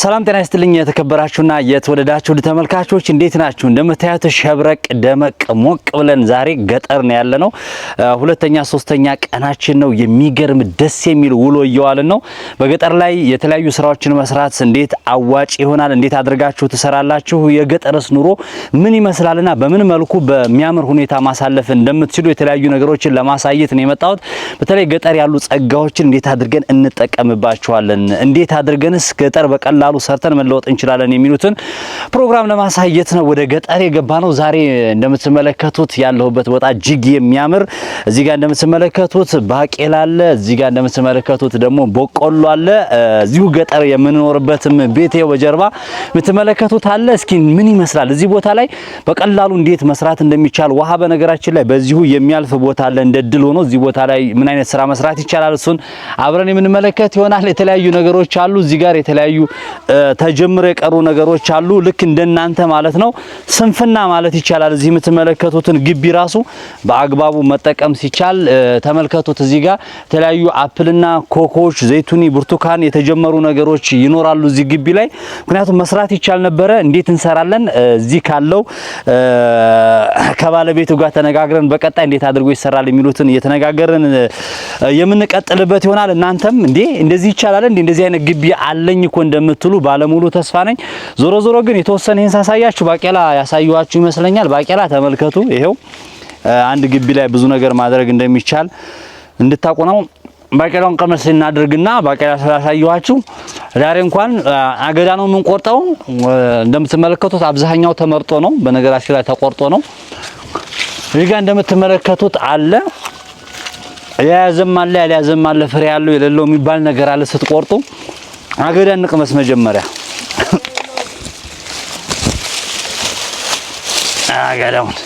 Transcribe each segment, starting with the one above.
ሰላም ጤና ይስጥልኝ። የተከበራችሁና የተወደዳችሁ ተመልካቾች እንዴት ናችሁ? እንደምታዩት ሸብረቅ ደመቅ ሞቅ ብለን ዛሬ ገጠር ነው ያለነው። ሁለተኛ ሶስተኛ ቀናችን ነው። የሚገርም ደስ የሚል ውሎ እየዋልን ነው። በገጠር ላይ የተለያዩ ስራዎችን መስራት እንዴት አዋጭ ይሆናል፣ እንዴት አድርጋችሁ ትሰራላችሁ፣ የገጠርስ ኑሮ ምን ይመስላልና በምን መልኩ በሚያምር ሁኔታ ማሳለፍ እንደምትችሉ የተለያዩ ነገሮችን ለማሳየት ነው የመጣሁት። በተለይ ገጠር ያሉ ጸጋዎችን እንዴት አድርገን እንጠቀምባቸዋለን፣ እንዴት አድርገንስ ገጠር በቀላሉ በቀላሉ ሰርተን መለወጥ እንችላለን የሚሉትን ፕሮግራም ለማሳየት ነው ወደ ገጠር የገባ ነው። ዛሬ እንደምትመለከቱት ያለሁበት ቦታ እጅግ የሚያምር እዚህ ጋር እንደምትመለከቱት ባቄላ አለ። እዚህ ጋር እንደምትመለከቱት ደግሞ በቆሎ አለ። እዚሁ ገጠር የምንኖርበትም ቤቴ በጀርባ የምትመለከቱት አለ። እስኪ ምን ይመስላል እዚህ ቦታ ላይ በቀላሉ እንዴት መስራት እንደሚቻል ውሃ በነገራችን ላይ በዚሁ የሚያልፍ ቦታ አለ። እንደ ድል ሆኖ እዚህ ቦታ ላይ ምን አይነት ስራ መስራት ይቻላል እሱን አብረን የምንመለከት ይሆናል። የተለያዩ ነገሮች አሉ። እዚህ ጋር የተለያዩ ተጀምሮ የቀሩ ነገሮች አሉ። ልክ እንደናንተ ማለት ነው። ስንፍና ማለት ይቻላል። እዚህ የምትመለከቱትን ግቢ ራሱ በአግባቡ መጠቀም ሲቻል ተመልከቱት። እዚህ ጋር የተለያዩ አፕልና ኮኮች፣ ዘይቱኒ፣ ብርቱካን የተጀመሩ ነገሮች ይኖራሉ እዚህ ግቢ ላይ ምክንያቱም መስራት ይቻል ነበረ። እንዴት እንሰራለን? እዚህ ካለው ከባለቤቱ ጋር ተነጋግረን በቀጣይ እንዴት አድርጎ ይሰራል የሚሉትን እየተነጋገርን የምንቀጥልበት ይሆናል። እናንተም እንዴ እንደዚህ ይቻላል እንዴ እንደዚህ አይነት ግቢ አለኝ እኮ እንደምትሉ እንደምትሉ ባለሙሉ ተስፋ ነኝ። ዞሮ ዞሮ ግን የተወሰነ ይህን ሳሳያችሁ ባቄላ ያሳየኋችሁ ይመስለኛል። ባቄላ ተመልከቱ። ይሄው አንድ ግቢ ላይ ብዙ ነገር ማድረግ እንደሚቻል እንድታውቁ ነው። ባቄላውን ቀመስ እናድርግና ባቄላ ስላሳየኋችሁ ዛሬ እንኳን አገዳ ነው የምንቆርጠው። እንደምትመለከቱት አብዛኛው ተመርጦ ነው፣ በነገራችን ላይ ተቆርጦ ነው። እዚህ ጋር እንደምትመለከቱት አለ የያዘም አለ ያልያዘም አለ ፍሬ ያለው የሌለው የሚባል ነገር አለ ስትቆርጡ አገዳ እንቅመስ መጀመሪያ አገዳውን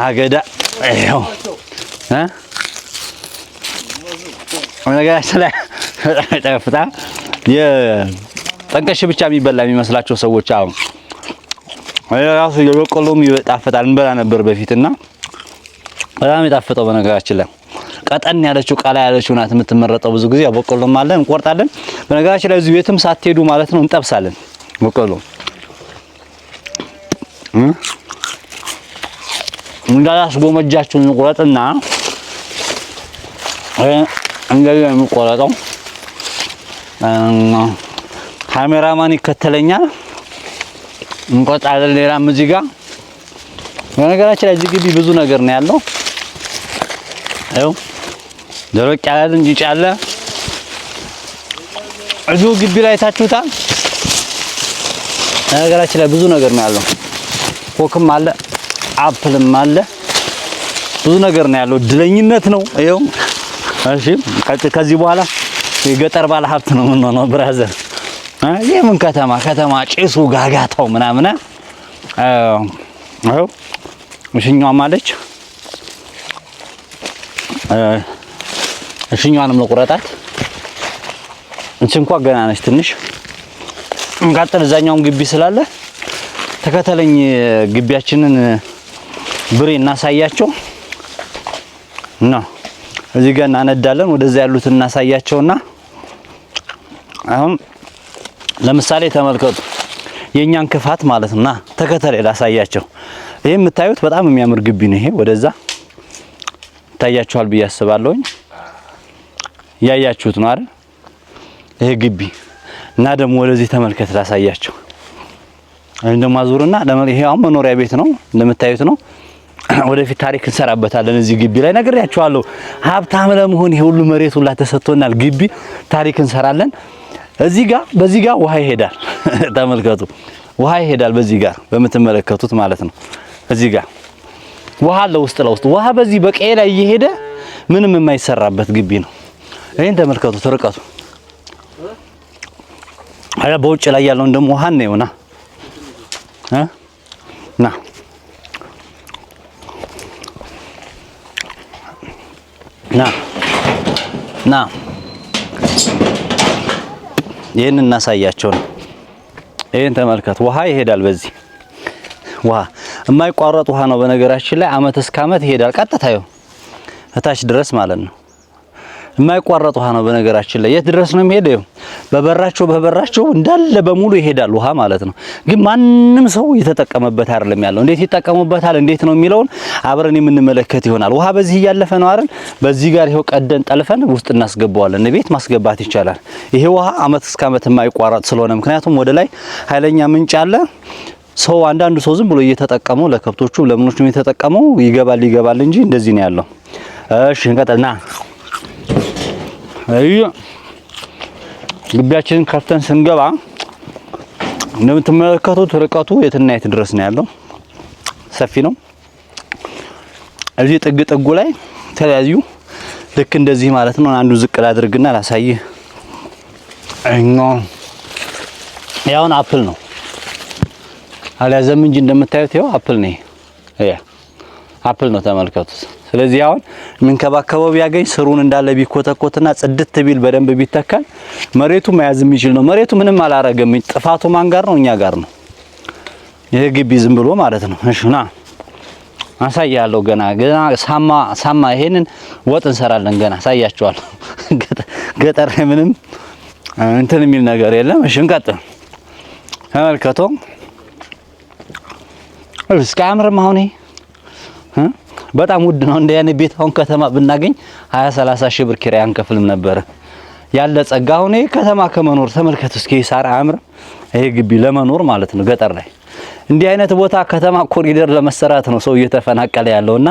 አገዳ ይኸው እ ላይ በጣም ይጠፍታ የጠንቀሽ ብቻ የሚበላ የሚመስላቸው ሰዎች አሁን ራሱ የበቆሎም ይጣፍጣል። እንበላ ነበር በፊትና በጣም የጣፈጠው በነገራችን ላይ ቀጠን ያለችው ቀላ ያለችው ናት የምትመረጠው። ብዙ ጊዜ በቆሎም አለን እንቆርጣለን። በነገራችን ላይ እዚሁ የትም ሳትሄዱ ማለት ነው እንጠብሳለን በቆሎ እንዳላስ ጎመጃችሁ እንቁረጥና እንደዚህ የሚቆረጠው ካሜራማን ይከተለኛል። እንቆጣለን። ሌላም እዚህ ጋር በነገራችን ላይ እዚህ ግቢ ብዙ ነገር ነው ያለው። ይኸው ደረቅ ያለ እንጂ ጫለ እዚሁ ግቢ ላይ ታችሁታል። ነገራችን ላይ ብዙ ነገር ነው ያለው። ኮክም አለ፣ አፕልም አለ፣ ብዙ ነገር ነው ያለው። እድለኝነት ነው። ይኸው እሺ፣ ከዚህ በኋላ የገጠር ባለ ሀብት ነው የምንሆነው ብራዘር። ይህ ምን ከተማ ከተማ ጭሱ፣ ጋጋታው ምናምን። ይኸው እሽኛዋም አለች። እሽኛዋንም ልቁረጣት። እንቺ እንኳ ገና ነች ትንሽ። እንቃጥል እዛኛውም ግቢ ስላለ ተከተለኝ። ግቢያችንን ብሬ እናሳያቸው እና እዚህ ጋር እናነዳለን። ወደዛ ያሉት እናሳያቸውና አሁን ለምሳሌ ተመልከቱ የእኛን ክፋት ማለት ነውና ተከተለኝ ላሳያቸው። ይሄ የምታዩት በጣም የሚያምር ግቢ ነው። ይሄ ወደዛ ይታያችኋል ብዬ አስባለሁኝ። ያያችሁት ነው አይደል? ይሄ ግቢ እና ደግሞ ወደዚህ ተመልከት ላሳያችሁ። አሁን ደግሞ አዙርና ይሄ አሁን መኖሪያ ቤት ነው እንደምታዩት ነው። ወደፊት ታሪክ እንሰራበታለን እዚህ ግቢ ላይ ነግሬያችኋለሁ። ሀብታም ለመሆን ይሄ ሁሉ መሬት ሁላ ተሰጥቶናል። ግቢ ታሪክ እንሰራለን። እዚህ ጋር በዚህ ጋር ውሃ ይሄዳል። ተመልከቱ፣ ውሃ ይሄዳል በዚህ ጋር በምትመለከቱት ማለት ነው እዚህ ጋር ውሃ አለ ውስጥ ለውስጥ ውሃ በዚህ በቀይ ላይ እየሄደ ምንም የማይሰራበት ግቢ ነው። ይህን ተመልከቱት ርቀቱ። አያ በውጭ ላይ ያለውን ደግሞ ውሃ ነው ሆና ና ና ና ይህን እናሳያቸው ነው። ይህን ተመልከት ውሃ ይሄዳል በዚህ ውሃ የማይቋረጥ ውሃ ነው። በነገራችን ላይ አመት እስከ አመት ይሄዳል። ቀጥታ ይኸው እታች ድረስ ማለት ነው። የማይቋረጥ ውሃ ነው። በነገራችን ላይ የት ድረስ ነው የሚሄደው? በበራቸው በበራቸው እንዳለ በሙሉ ይሄዳል ውሃ ማለት ነው። ግን ማንም ሰው የተጠቀመበት አይደለም ያለው። እንዴት ይጠቀሙበታል፣ እንዴት ነው የሚለውን አብረን የምንመለከት ይሆናል። ውሃ በዚህ እያለፈ ነው አይደል? በዚህ ጋር ይሄው ቀደን ጠልፈን ውስጥ እናስገባዋለን። ቤት ማስገባት ይቻላል። ይሄ ውሃ አመት እስከ አመት የማይቋረጥ ስለሆነ ምክንያቱም ወደ ላይ ኃይለኛ ምንጭ አለ። ሰው አንዳንዱ ሰው ዝም ብሎ እየተጠቀመው ለከብቶቹ ለምኖቹ እየተጠቀመው ይገባል ይገባል እንጂ እንደዚህ ነው ያለው። እሺ እንቀጥልና አይ ግቢያችንን ከፍተን ስንገባ እንደምትመለከቱት ርቀቱ የትና የት ድረስ ነው ያለው፣ ሰፊ ነው። እዚህ ጥግ ጥጉ ላይ ተለያዩ ልክ እንደዚህ ማለት ነው። አንዱ ዝቅ ላድርግና ላሳይህ። እኛ ያውን አፕል ነው አልያዘም እንጂ እንደምታዩት ይኸው አፕል ነው። ይሄ አፕል ነው ተመልከቱት። ስለዚህ አሁን የሚንከባከበው ቢያገኝ ስሩን እንዳለ ቢኮተኮትና ጽድት ቢል በደንብ ቢተከል መሬቱ መያዝ የሚችል ነው። መሬቱ ምንም አላረገም። ጥፋቱ ማን ጋር ነው? እኛ ጋር ነው። ይሄ ግቢ ዝም ብሎ ማለት ነው። እሺ ና አሳያለሁ። ገና ገና ሳማ ሳማ ይሄንን ወጥ እንሰራለን። ገና አሳያቸዋለሁ። ገጠር ምንም እንትን የሚል ነገር የለም። እሺ እንቀጥል። ተመልከቶ እስኪ አያምርም? አሁን በጣም ውድ ነው። እንደ ያን ቤት አሁን ከተማ ብናገኝ 20 30 ሺህ ብር ኪራይ አንከፍልም ነበረ ያለ ጸጋ። አሁን ይሄ ከተማ ከመኖር ተመልከቱ እስኪ ሳር አያምርም? ይሄ ግቢ ለመኖር ማለት ነው ገጠር ላይ እንዲህ አይነት ቦታ ከተማ ኮሪደር ለመሰራት ነው ሰው እየተፈናቀለ ያለውና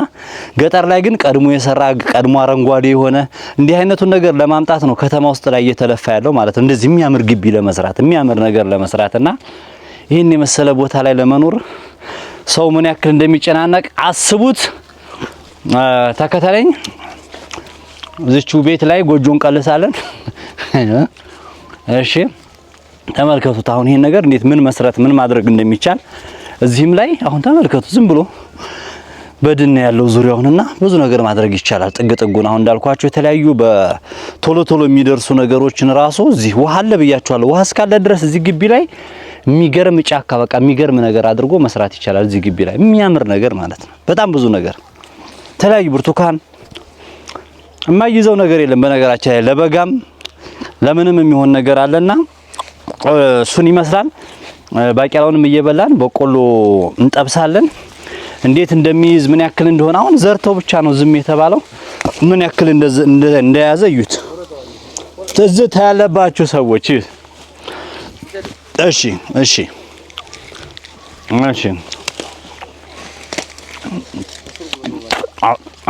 ገጠር ላይ ግን ቀድሞ የሰራ ቀድሞ አረንጓዴ የሆነ እንዲህ አይነቱን ነገር ለማምጣት ነው ከተማ ውስጥ ላይ እየተለፋ ያለው ማለት ነው። እንደዚህ የሚያምር ግቢ ለመስራት የሚያምር ነገር ለመስራትና ይህን የመሰለ ቦታ ላይ ለመኖር ሰው ምን ያክል እንደሚጨናነቅ አስቡት። ተከተለኝ። እዚቹ ቤት ላይ ጎጆ እንቀልሳለን። እሺ ተመልከቱት። አሁን ይሄን ነገር እንዴት ምን መስራት ምን ማድረግ እንደሚቻል እዚህም ላይ አሁን ተመልከቱ። ዝም ብሎ በድን ያለው ዙሪያውንና ብዙ ነገር ማድረግ ይቻላል። ጥግ ጥጉን አሁን እንዳልኳቸው የተለያዩ በቶሎ ቶሎ የሚደርሱ ነገሮችን ራሱ እዚህ ውሃ አለ ብያቸዋለሁ። ውሃ እስካለ ድረስ እዚህ ግቢ ላይ የሚገርም ጫካ በቃ የሚገርም ነገር አድርጎ መስራት ይቻላል። እዚህ ግቢ ላይ የሚያምር ነገር ማለት ነው። በጣም ብዙ ነገር የተለያዩ ብርቱካን የማይይዘው ነገር የለም። በነገራችን ላይ ለበጋም ለምንም የሚሆን ነገር አለና እሱን ይመስላል። ባቄላውንም እየበላን በቆሎ እንጠብሳለን። እንዴት እንደሚይዝ ምን ያክል እንደሆነ አሁን ዘርተው ብቻ ነው ዝም የተባለው። ምን ያክል እንደያዘ እዩት። እዚህ ታያለባችሁ ሰዎች እሺ እሺ እሺ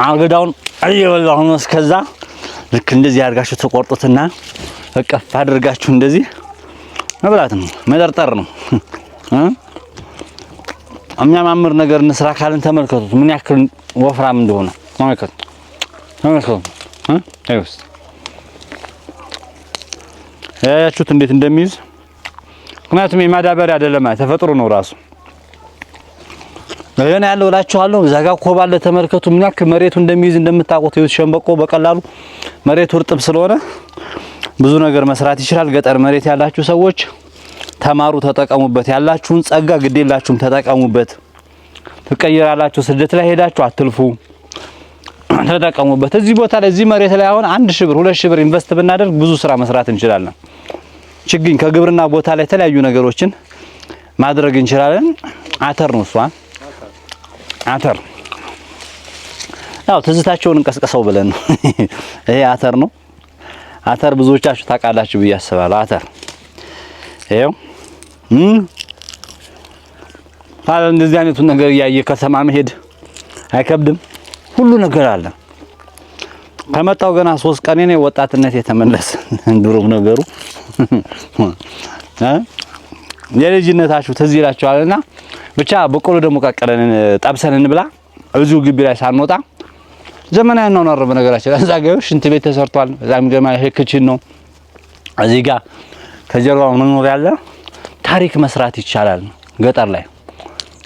አገዳውን እየበላሁ ነው። እስከዛ ልክ እንደዚህ አድርጋችሁ ተቆርጡትና እቀፍ አድርጋችሁ እንደዚህ መብላት ነው፣ መጠርጠር ነው። የሚያማምር ነገር እንስራ ካልን ተመልከቱት፣ ምን ያክል ወፍራም እንደሆነ ተመልከቱት። ተመልከቱት ያያችሁት እንዴት እንደሚይዝ ምክንያቱም የማዳበሪያ አይደለም ተፈጥሮ ነው ራሱ ለየና ያለው እላችኋለሁ። እዛ ጋር ኮባ አለ ተመልከቱ። ምን ያክል መሬቱ እንደሚይዝ እንደምታውቁት ይሁት ሸንበቆ በቀላሉ መሬቱ እርጥብ ስለሆነ ብዙ ነገር መስራት ይችላል። ገጠር መሬት ያላችሁ ሰዎች ተማሩ፣ ተጠቀሙበት። ያላችሁን ጸጋ ግድ የላችሁም፣ ተጠቀሙበት። ትቀይራላችሁ። ስደት ላይ ሄዳችሁ አትልፉ፣ ተጠቀሙበት። እዚህ ቦታ ላይ እዚህ መሬት ላይ አሁን አንድ ሺህ ብር ሁለት ሺህ ብር ኢንቨስት ብናደርግ ብዙ ስራ መስራት እንችላለን። ችግኝ ከግብርና ቦታ ላይ የተለያዩ ነገሮችን ማድረግ እንችላለን። አተር ነው እሷ አተር ያው ትዝታቸውን እንቀስቀሰው ብለን ነው። ይሄ አተር ነው። አተር ብዙዎቻችሁ ታውቃላችሁ ብዬ አስባለሁ። አተር ይሄው ታዲያ እንደዚህ አይነቱን ነገር እያየ ከተማ መሄድ አይከብድም። ሁሉ ነገር አለ። ከመጣው ገና ሶስት ቀን ነው። ወጣትነት የተመለሰ ድሮም ነገሩ የልጅነታችሁ ትዝ ይላችኋልና ብቻ በቆሎ ደግሞ ቀቀለን ጠብሰን እንብላ። እዚሁ ግቢ ላይ ሳንወጣ ዘመናዊ ነው ነው። በነገራችን እዛ ጋር ሽንት ቤት ተሰርቷል። እዛም ገማ ክችን ነው። እዚህ ጋር ከጀርባ መኖር ያለ ታሪክ መስራት ይቻላል። ገጠር ላይ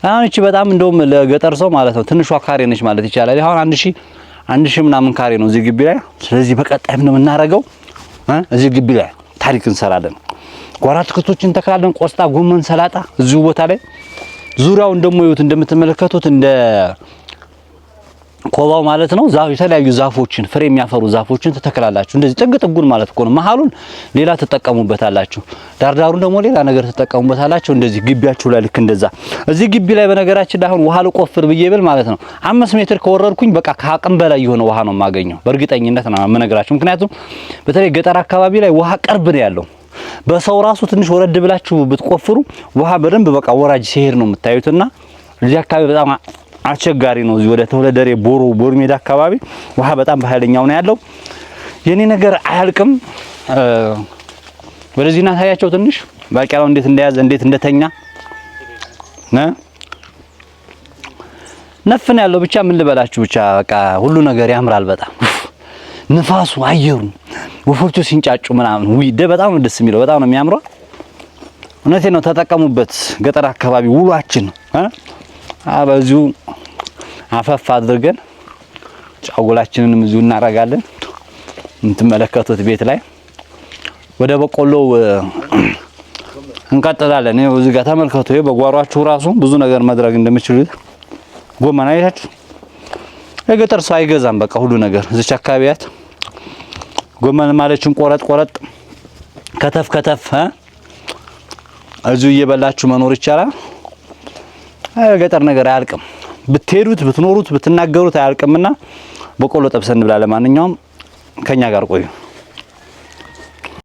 አሁን እቺ በጣም እንደውም ለገጠር ሰው ማለት ነው ትንሿ ካሬ ነች ማለት ይቻላል። አሁን አንድ ሺህ አንድ ሺህ ምናምን ካሬ ነው እዚህ ግቢ ላይ። ስለዚህ በቀጣይ ምን የምናደርገው እዚህ ግቢ ላይ ታሪክ እንሰራለን። ጓራ አትክልቶችን እንተክላለን። ቆስጣ፣ ጎመን፣ ሰላጣ እዚሁ ቦታ ላይ ዙሪያውን ደግሞ ይሁት እንደምትመለከቱት እንደ ኮባው ማለት ነው። ዛፍ የተለያዩ ዛፎችን ፍሬ የሚያፈሩ ዛፎችን ትተክላላችሁ። እንደዚህ ጥግ ጥጉን ማለት እኮ ነው። መሀሉን ሌላ ትጠቀሙበታላችሁ፣ ዳርዳሩን ደግሞ ሌላ ነገር ትጠቀሙበታላችሁ። እንደዚህ ግቢያችሁ ላይ ልክ እንደዛ። እዚህ ግቢ ላይ በነገራችን አሁን ውሃ ልቆፍር ብዬ ብል ማለት ነው አምስት ሜትር ከወረድኩኝ በቃ ከአቅም በላይ የሆነ ውሃ ነው የማገኘው። በእርግጠኝነት ነው የምነግራችሁ። ምክንያቱም በተለይ ገጠር አካባቢ ላይ ውሃ ቅርብ ነው ያለው በሰው ራሱ ትንሽ ወረድ ብላችሁ ብትቆፍሩ ውሃ በደንብ በቃ ወራጅ ሲሄድ ነው የምታዩትና እዚህ አካባቢ በጣም አስቸጋሪ ነው። እዚህ ወደ ተወለደሬ ቦሮ ቦር ሜዳ አካባቢ ውሃ በጣም በኃይለኛው ነው ያለው። የኔ ነገር አያልቅም። ወደዚህ እና ታያቸው ትንሽ ባቄላው እንዴት እንደያዘ እንዴት እንደተኛ ነ ነፍን ያለው ብቻ ምን ልበላችሁ፣ ብቻ በቃ ሁሉ ነገር ያምራል። በጣም ንፋሱ፣ አየሩ፣ ወፎቹ ሲንጫጩ ምናምን ውይ በጣም ነው ደስ የሚለው፣ በጣም ነው የሚያምረው። እውነቴ ነው። ተጠቀሙበት። ገጠር አካባቢ ውሏችን በዚሁ አፈፍ አድርገን ጫጉላችንንም እዚሁ እናረጋለን። የምትመለከቱት ቤት ላይ ወደ በቆሎው እንቀጥላለን። ይኸው እዚህ ጋር ተመልከቱ። ይሄ በጓሯችሁ ራሱ ብዙ ነገር መድረግ እንደምችሉ ጎመን አይታችሁ የገጠር ሰው አይገዛም። በቃ ሁሉ ነገር እዚች አካባቢያት ጎመን ማለችን ቆረጥ ቆረጥ ከተፍ ከተፍ እዚሁ እየበላችሁ መኖር ይቻላል። ገጠር ነገር አያልቅም። ብትሄዱት ብትኖሩት ብትናገሩት አያልቅምና በቆሎ ጠብሰን እንብላ። ለማንኛውም ከኛ ጋር ቆዩ።